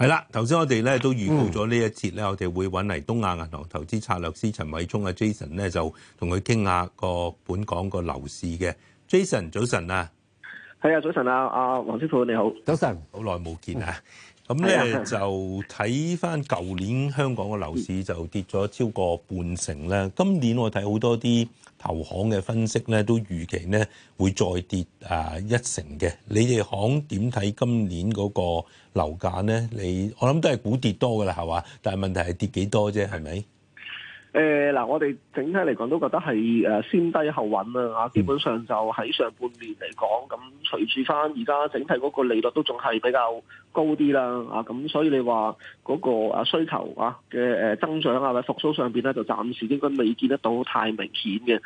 係啦，頭先我哋咧都預告咗呢一節咧、嗯，我哋會揾嚟東亞銀行投資策略師陳偉聰啊 Jason 咧，就同佢傾下個本港個樓市嘅 Jason，早晨啊，係啊，早晨啊，阿黃師傅你好，早晨，好耐冇見啊。咁咧就睇翻舊年香港嘅樓市就跌咗超過半成啦。今年我睇好多啲投行嘅分析咧都預期咧會再跌啊一成嘅。你哋行點睇今年嗰個樓價咧？你我諗都係估跌多噶啦，係嘛？但係問題係跌幾多啫，係咪？誒、呃、嗱，我哋整體嚟講都覺得係先低後穩啊！基本上就喺上半年嚟講，咁隨住翻而家整體嗰個利率都仲係比較高啲啦！啊，咁所以你話嗰個啊需求啊嘅增長啊嘅復甦上邊咧，就暫時應該未見得到太明顯嘅。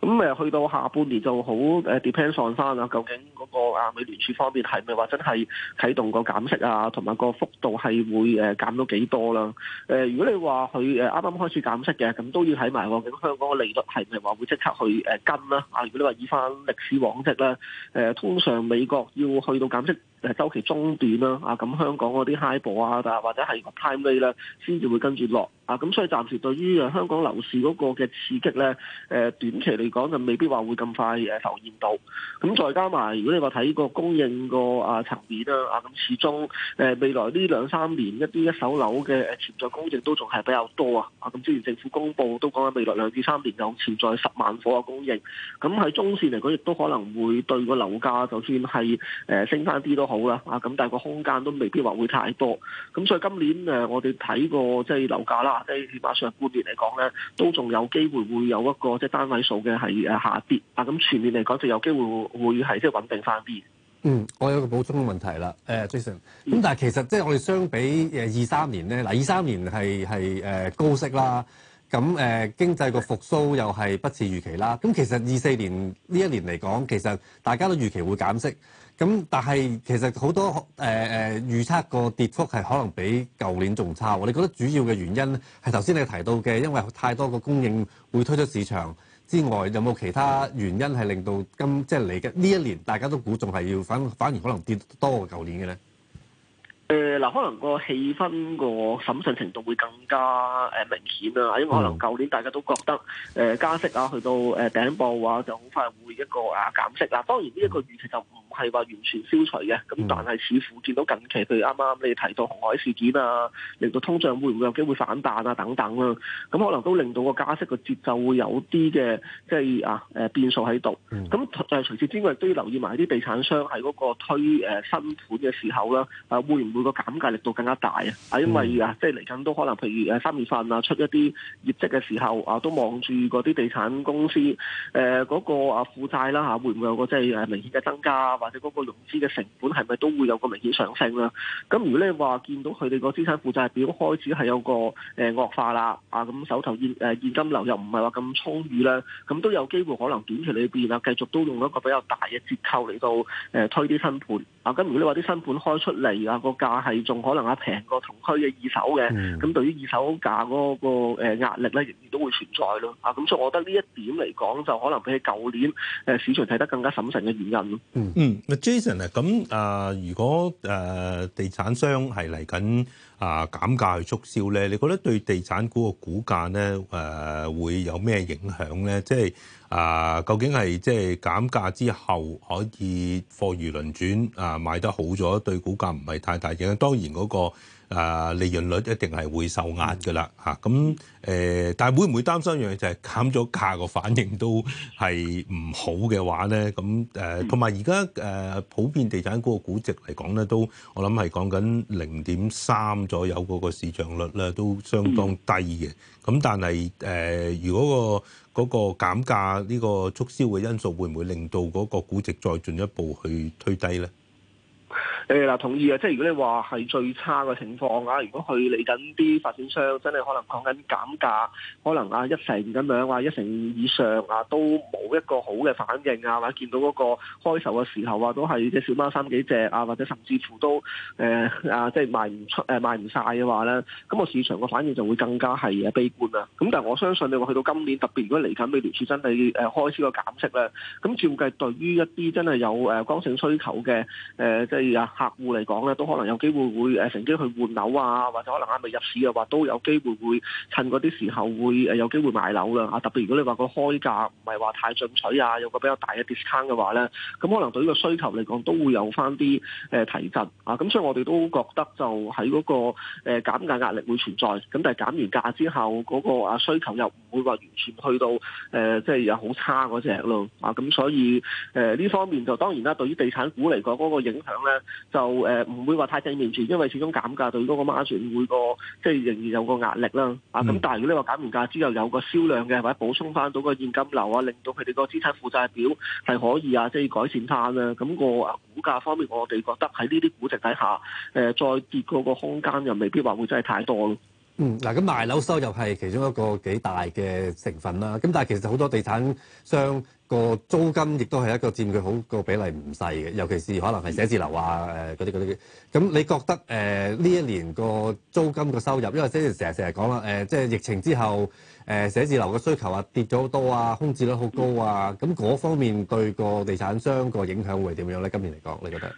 咁誒去到下半年就好 depend on 翻啦，究竟嗰個啊美聯儲方面係咪話真係啟動個減息啊，同埋個幅度係會減到幾多啦、呃？如果你話佢啱啱開始減息嘅，咁都要睇埋究咁香港嘅利率係咪話會即刻去誒跟啦？啊，如果你話以翻歷史往績啦、啊，通常美國要去到減息誒週期中段啦，啊咁香港嗰啲 high 部啊，或者係個 t i e l y 咧，先至會跟住落。咁所以暫時對於香港樓市嗰個嘅刺激咧，短期嚟講就未必話會咁快浮現到。咁再加埋如果你話睇個供應個啊層面啦，啊咁始終未來呢兩三年一啲一手樓嘅誒潛在供應都仲係比較多啊。啊咁，之前政府公布都講緊未來兩至三年有潛在十萬伙嘅供應。咁喺中線嚟講，亦都可能會對個樓價就算係升翻啲都好啦。啊咁，但係個空間都未必話會太多。咁所以今年我哋睇個即係樓價啦。喺馬上半年嚟講咧，都仲有機會會有一個即係單位數嘅係誒下跌啊。咁全年嚟講，就有機會會係即係穩定翻啲。嗯，我有一個補充問題啦。誒，Jason，咁但係其實即係我哋相比誒二三年咧，嗱二三年係係誒高息啦，咁誒經濟個復甦又係不似預期啦。咁其實二四年呢一年嚟講，其實大家都預期會減息，咁但係其實好多誒誒、呃、預測個跌幅係可能比舊年仲差。我哋覺得主要嘅原因係頭先你提到嘅，因為太多個供應會推出市場之外，有冇其他原因係令到今即係嚟緊呢一年大家都估仲係要反反而可能跌多過舊年嘅咧？誒、呃、嗱，可能個氣氛個審慎程度會更加誒明顯啊，因為可能舊年大家都覺得誒、呃、加息啊去到誒頂部啊就好快會一個啊減息嗱、啊，當然呢一個預期就。係話完全消除嘅，咁但係似乎見到近期，譬如啱啱你提到紅海事件啊，令到通脹會唔會有機會反彈啊？等等啦，咁可能都令到個加息個節奏會有啲嘅，即係啊誒變數喺度。咁誒除此之外都要留意埋啲地產商喺嗰個推新盤嘅時候啦，啊會唔會個減價力度更加大啊？因為啊、嗯，即係嚟緊都可能譬如三月份啊出一啲業績嘅時候啊，都望住嗰啲地產公司誒嗰、呃那個啊負債啦嚇，會唔會有個即係誒明顯嘅增加？或者嗰個融資嘅成本係咪都會有個明顯上升啦？咁如果你話見到佢哋個資產負債表開始係有個誒惡化啦，啊咁手頭現誒現金流又唔係話咁充裕啦，咁都有機會可能短期裏邊啊繼續都用一個比較大嘅折扣嚟到誒推啲新盤。咁如果你話啲新盤開出嚟啊，個價係仲可能係平過同區嘅二手嘅。咁對於二手價嗰個誒壓力咧，仍然都會存在咯。啊，咁所以我覺得呢一點嚟講，就可能比起舊年誒市場睇得更加審慎嘅原因咯。嗯嗯，阿 Jason 啊，咁啊，如果誒地產商係嚟緊啊減價去促銷咧，你覺得對地產股個股價咧誒會有咩影響咧？即係？.啊，究竟係即係減價之後可以貨如輪轉啊，賣得好咗對股價唔係太大影響。當然嗰、那個、啊、利潤率一定係會受壓噶啦，吓，咁誒，但係會唔會擔心一樣嘢，就係減咗價個反應都係唔好嘅話咧？咁誒，同埋而家誒普遍地產股個估值嚟講咧，都我諗係講緊零點三左右嗰個市賬率咧，都相當低嘅。咁、嗯啊、但係誒、啊，如果、那個嗰個減價呢個促銷嘅因素會唔會令到嗰個估值再進一步去推低咧？誒啦，同意啊！即係如果你話係最差嘅情況啊，如果佢嚟緊啲發展商真係可能講緊減價，可能啊一成咁樣，話一成以上啊都冇一個好嘅反應啊，或者見到嗰個開售嘅時候啊，都係啲小貓三幾隻啊，或者甚至乎都誒啊、呃，即係賣唔出誒賣唔晒嘅話咧，咁個市場嘅反應就會更加係悲觀啊！咁但係我相信你話去到今年，特別如果嚟緊美聯儲真係誒開始個減息咧，咁照計對於一啲真係有誒剛性需求嘅誒、呃，即係啊～客戶嚟講咧，都可能有機會會誒乘機去換樓啊，或者可能啱啱入市嘅話，都有機會會趁嗰啲時候會誒有機會買樓啦嚇。特別如果你話個開價唔係話太進取啊，有個比較大嘅 discount 嘅話咧，咁可能對呢個需求嚟講都會有翻啲誒提振啊。咁所以我哋都覺得就喺嗰個誒減價壓力會存在，咁但係減完價之後嗰個啊需求又唔會話完全去到誒即係又好差嗰隻咯啊。咁所以誒呢方面就當然啦，對於地產股嚟講嗰個影響咧。就誒唔會話太正面前，因為始終減價對嗰個孖船會個即係仍然有個壓力啦。啊、嗯，咁但係如果你話減完價之後有個銷量嘅，或者補充翻到個現金流啊，令到佢哋個資產負債表係可以啊，即係改善翻啊。咁、個股價方面，我哋覺得喺呢啲估值底下，再跌嗰個空間又未必話會真係太多咯。嗯，嗱，咁賣樓收入係其中一個幾大嘅成分啦。咁但係其實好多地產商。個租金亦都係一個佔佢好個比例唔細嘅，尤其是可能係寫字樓啊、嗰啲嗰啲。咁你覺得誒呢、呃、一年個租金個收入，因為之前成日成日講啦，誒即係疫情之後誒、呃、寫字樓嘅需求啊跌咗好多啊，空置率好高啊，咁嗰方面對個地產商個影響會點樣咧？今年嚟講，你覺得？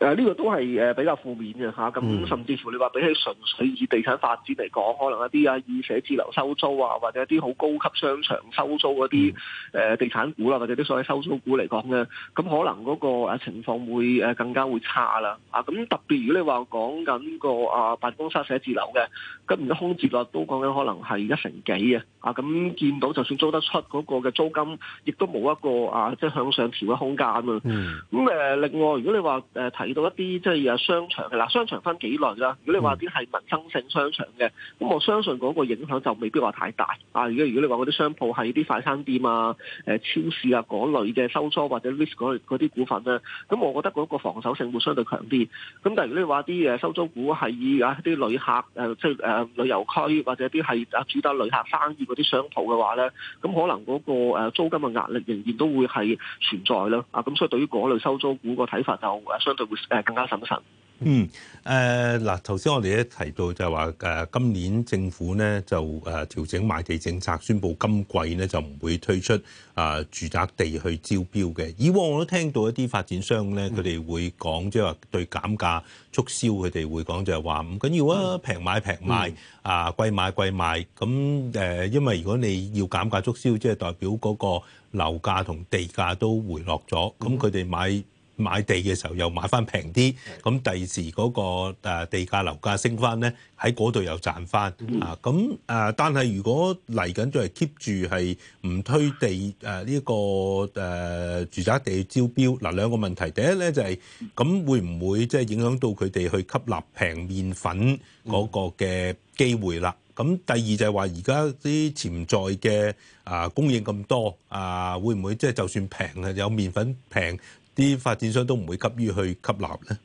誒、嗯、呢、呢個都係比較負面嘅咁、啊、甚至乎你話比起純粹以地產發展嚟講，可能一啲啊，以寫字樓收租啊，或者一啲好高級商場收租嗰啲誒地產股啦，或者啲所謂收租股嚟講咧，咁可能嗰個情況會更加會差啦。啊，咁特別如果你話講緊個啊辦公室寫字樓嘅，咁而家空置率都講緊可能係一成幾啊，啊咁見到就算租得出嗰個嘅租金，亦都冇一個啊即係、就是、向上調嘅空間啊。咁、嗯呃、另外如果你話誒提、呃到一啲即係商場嘅啦，商場分幾類啦。如果你話啲係民生性商場嘅，咁我相信嗰個影響就未必話太大啊。如果如果你話嗰啲商鋪係啲快餐店啊、誒超市啊嗰類嘅收租或者 REIT 啲股份咧，咁我覺得嗰個防守性會相對強啲。咁但係如果你話啲誒收租股係以啊啲旅客誒即係誒旅遊區或者啲係啊主打旅客生意嗰啲商鋪嘅話咧，咁可能嗰個誒租金嘅壓力仍然都會係存在啦。啊，咁所以對於嗰類收租股個睇法就相對會。誒更加審慎，嗯。嗯、誒嗱，頭先我哋咧提到就係話誒今年政府咧就誒、呃、調整賣地政策，宣布今季咧就唔會推出啊、呃、住宅地去招標嘅。以往我都聽到一啲發展商咧，佢、嗯、哋會講即係話對減價促銷，佢哋會講就係話唔緊要啊，平、嗯、買平賣、嗯、啊，貴買貴賣。咁誒、呃，因為如果你要減價促銷，即、就、係、是、代表嗰個樓價同地價都回落咗，咁佢哋買買地嘅時候又買翻平啲，咁第二時嗰個誒地價樓價升翻咧，喺嗰度又賺翻啊。咁誒，但係如果嚟緊仲係 keep 住係唔推地誒呢個誒住宅地去招標嗱，兩個問題第一咧就係咁會唔會即係影響到佢哋去吸納平麵粉嗰個嘅機會啦？咁第二就係話而家啲潛在嘅啊供應咁多啊，會唔會即係就算平嘅有麵粉平？啲發展商都唔會急於去吸納呢？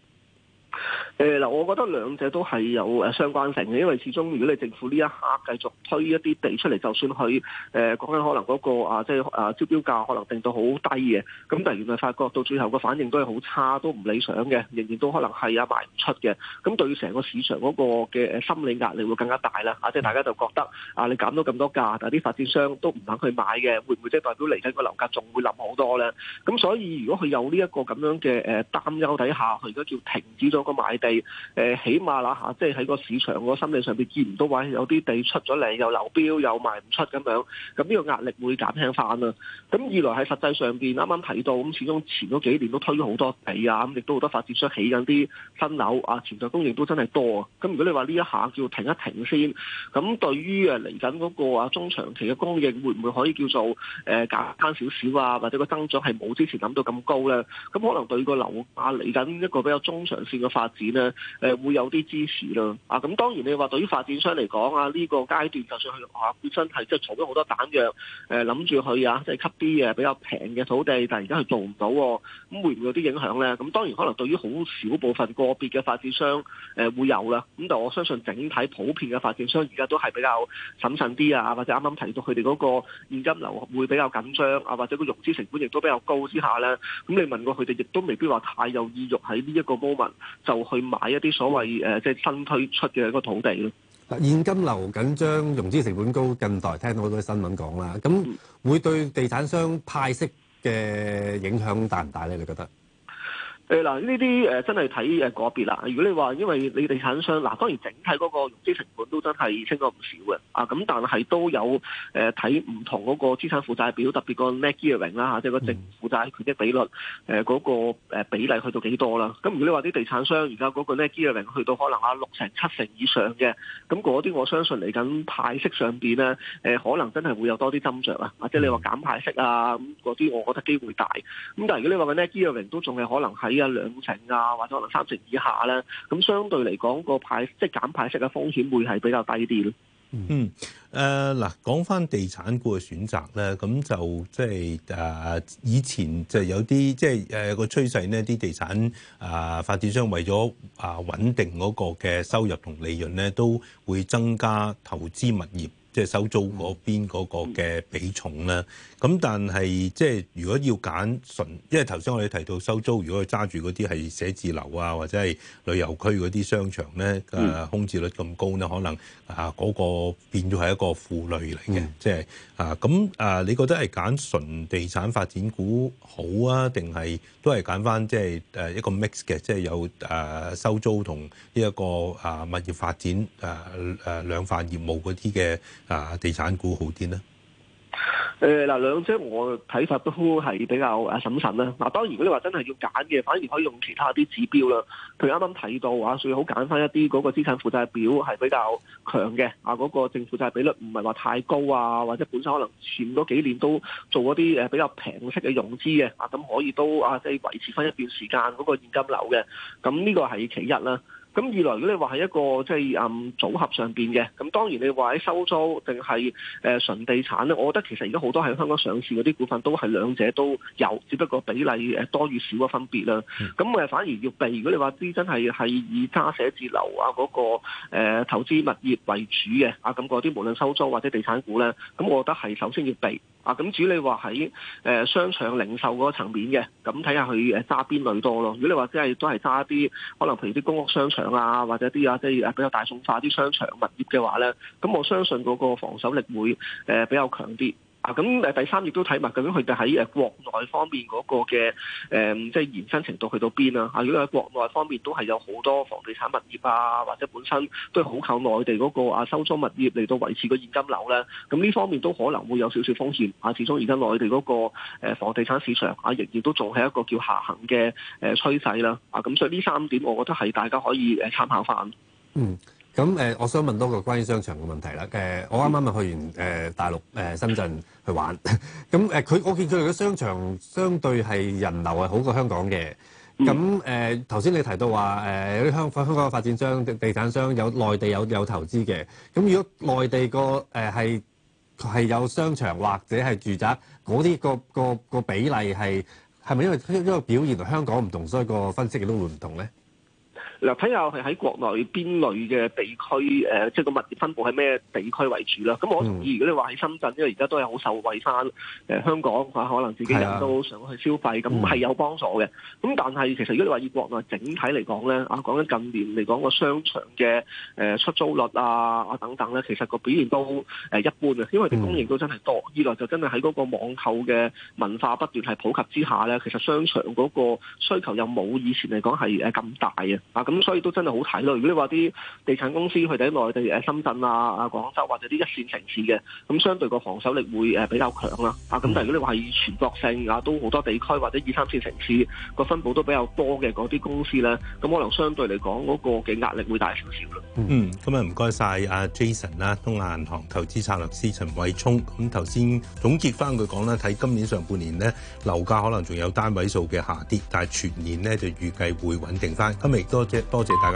誒嗱，我覺得兩者都係有相關性嘅，因為始終如果你政府呢一刻繼續推一啲地出嚟，就算佢誒講緊可能嗰個啊，即係誒招標價可能定到好低嘅，咁但係原來發覺到最後個反應都係好差，都唔理想嘅，仍然都可能係啊賣唔出嘅。咁對成個市場嗰個嘅心理壓力會更加大啦，啊，即係大家就覺得啊，你減到咁多價，但係啲發展商都唔肯去買嘅，會唔會即係代表嚟緊個樓價仲會冧好多咧？咁所以如果佢有呢一個咁樣嘅誒擔憂底下，佢而家叫停止咗個買。誒，起碼啦下，即係喺個市場個心理上邊見唔到話有啲地出咗嚟，又流標又賣唔出咁樣，咁呢個壓力會減輕翻啦。咁二來喺實際上邊啱啱睇到，咁始終前嗰幾年都推咗好多地啊，咁亦都好多發展商起緊啲新樓，啊潛在供應都真係多啊。咁如果你話呢一下叫停一停先，咁對於誒嚟緊嗰個啊中長期嘅供應，會唔會可以叫做誒減翻少少啊？或者個增長係冇之前諗到咁高咧？咁可能對個樓價嚟緊一個比較中長線嘅發展。咧，誒會有啲支持咯。啊，咁當然你話對於發展商嚟講啊，呢個階段就算佢話本身係即係儲咗好多彈藥，誒諗住去啊，即係吸啲嘅比較平嘅土地，但而家佢做唔到，啊，咁會唔會有啲影響呢？咁當然可能對於好少部分個別嘅發展商誒、啊、會有啦。咁但我相信整體普遍嘅發展商而家都係比較審慎啲啊，或者啱啱提到佢哋嗰個現金流會比較緊張啊，或者個融資成本亦都比較高之下呢。咁你問過佢哋，亦都未必話太有意欲喺呢一個 moment 就去。買一啲所謂誒即係新推出嘅一個土地咯。嗱，現金流緊張，融資成本高，近代聽到好多新聞講啦。咁會對地產商派息嘅影響大唔大咧？你覺得？誒嗱呢啲誒真係睇誒個別啦。如果你話因為你地產商嗱，當然整體嗰個融資成本都真係升咗唔少嘅啊。咁但係都有誒睇唔同嗰個資產負債表，特別個 net gearing 啦嚇，即係個淨負債權益比率誒嗰、嗰個比例去到幾多啦？咁如果你話啲地產商而家嗰個 net gearing 去到可能啊六成七成以上嘅，咁嗰啲我相信嚟緊派息上面咧誒，可能真係會有多啲斟酌啊，或者你話減派息啊咁嗰啲，我覺得機會大。咁但係如果你話個 net gearing 都仲係可能係有兩成啊，或者可能三成以下咧，咁相對嚟講，個派即係減派息嘅風險會係比較低啲咯。嗯，誒、呃、嗱，講返地產股嘅選擇咧，咁就即係誒以前就有啲即係誒個趨勢呢，啲地產啊發展商為咗啊穩定嗰個嘅收入同利潤咧，都會增加投資物業。即係收租嗰邊嗰個嘅比重咧，咁、嗯、但係即係如果要揀純，因為頭先我哋提到收租，如果佢揸住嗰啲係寫字樓啊，或者係旅遊區嗰啲商場咧，誒、嗯、空置率咁高咧，可能啊嗰個變咗係一個負累嚟嘅，即係啊咁啊，就是、你覺得係揀純地產發展股好啊，定係都係揀返即係誒一個 mix 嘅，即、就、係、是、有誒收租同呢一個啊物業發展誒誒兩塊業務嗰啲嘅？啊！地產股好啲咧？誒，嗱，兩者我睇法都係比較啊審慎啦。嗱，當然，如果你話真係要揀嘅，反而可以用其他啲指標啦。佢啱啱睇到啊，最好揀翻一啲嗰個資產負債表係比較強嘅啊，嗰、那個淨負債比率唔係話太高啊，或者本身可能前幾年都做一啲誒比較平息嘅融資嘅啊，咁可以都啊即係維持翻一段時間嗰、那個現金流嘅。咁呢個係其一啦。咁二來，如果你話係一個即係誒組合上邊嘅，咁當然你話喺收租定係誒純地產咧，我覺得其實而家好多喺香港上市嗰啲股份都係兩者都有，只不過比例誒多與少嘅分別啦。咁、嗯、我反而要避。如果你話啲真係係以揸寫字樓啊嗰個誒投資物業為主嘅啊咁嗰啲，無論收租或者地產股咧，咁我覺得係首先要避。啊，咁至於你話喺誒商場零售嗰個層面嘅，咁睇下佢揸邊類多咯。如果你話即係都係揸一啲，可能譬如啲公屋商場啊，或者啲啊即係比較大眾化啲商場物業嘅話咧，咁我相信嗰個防守力會誒比較強啲。咁第三亦都睇埋，看看究竟佢哋喺國內方面嗰個嘅即係延伸程度去到邊啊？如果喺國內方面都係有好多房地產物業啊，或者本身都係好靠內地嗰個啊收租物業嚟到維持個現金流咧，咁呢方面都可能會有少少風險。啊，始終而家內地嗰個房地產市場啊，仍然都仲係一個叫下行嘅誒趨勢啦。啊，咁所以呢三點，我覺得係大家可以參考返。嗯。咁誒、呃，我想問多個關於商場嘅問題啦。誒、呃，我啱啱咪去完誒、呃、大陸誒、呃、深圳去玩。咁誒，佢、呃、我見佢哋嘅商場相對係人流係好過香港嘅。咁誒，頭、呃、先你提到話有啲香香港嘅發展商、地產商有內地有有投資嘅。咁如果內地個誒係係有商場或者係住宅嗰啲個個個，個比例係係咪因為因為表現同香港唔同，所以個分析亦都會唔同咧？嗱，睇下係喺國內邊類嘅地區，誒，即係個物業分布喺咩地區為主啦。咁我同意，如果你話喺深圳，因為而家都係好受惠翻，誒，香港啊，可能自己人都想去消費，咁係、嗯、有幫助嘅。咁但係其實如果你話以國內整體嚟講咧，啊，講緊近年嚟講個商場嘅誒出租率啊啊等等咧，其實個表現都好誒一般嘅，因為啲供應都真係多。二來就真係喺嗰個網購嘅文化不斷係普及之下咧，其實商場嗰個需求又冇以前嚟講係誒咁大嘅。咁所以都真係好睇咯。如果你話啲地產公司去喺內地誒深圳啊、啊廣州或者啲一,一線城市嘅，咁相對個防守力會比較強啦。啊、嗯，咁但係如果你話係全國性啊，都好多地區或者二三線城市個分佈都比較多嘅嗰啲公司咧，咁可能相對嚟講嗰個嘅壓力會大少少咯。嗯，今日唔該晒阿 Jason 啦，東亞銀行投資策略師陳偉聰。咁頭先總結翻佢講啦，睇今年上半年咧樓價可能仲有單位數嘅下跌，但係全年咧就預計會穩定翻。今日亦都。多謝大家。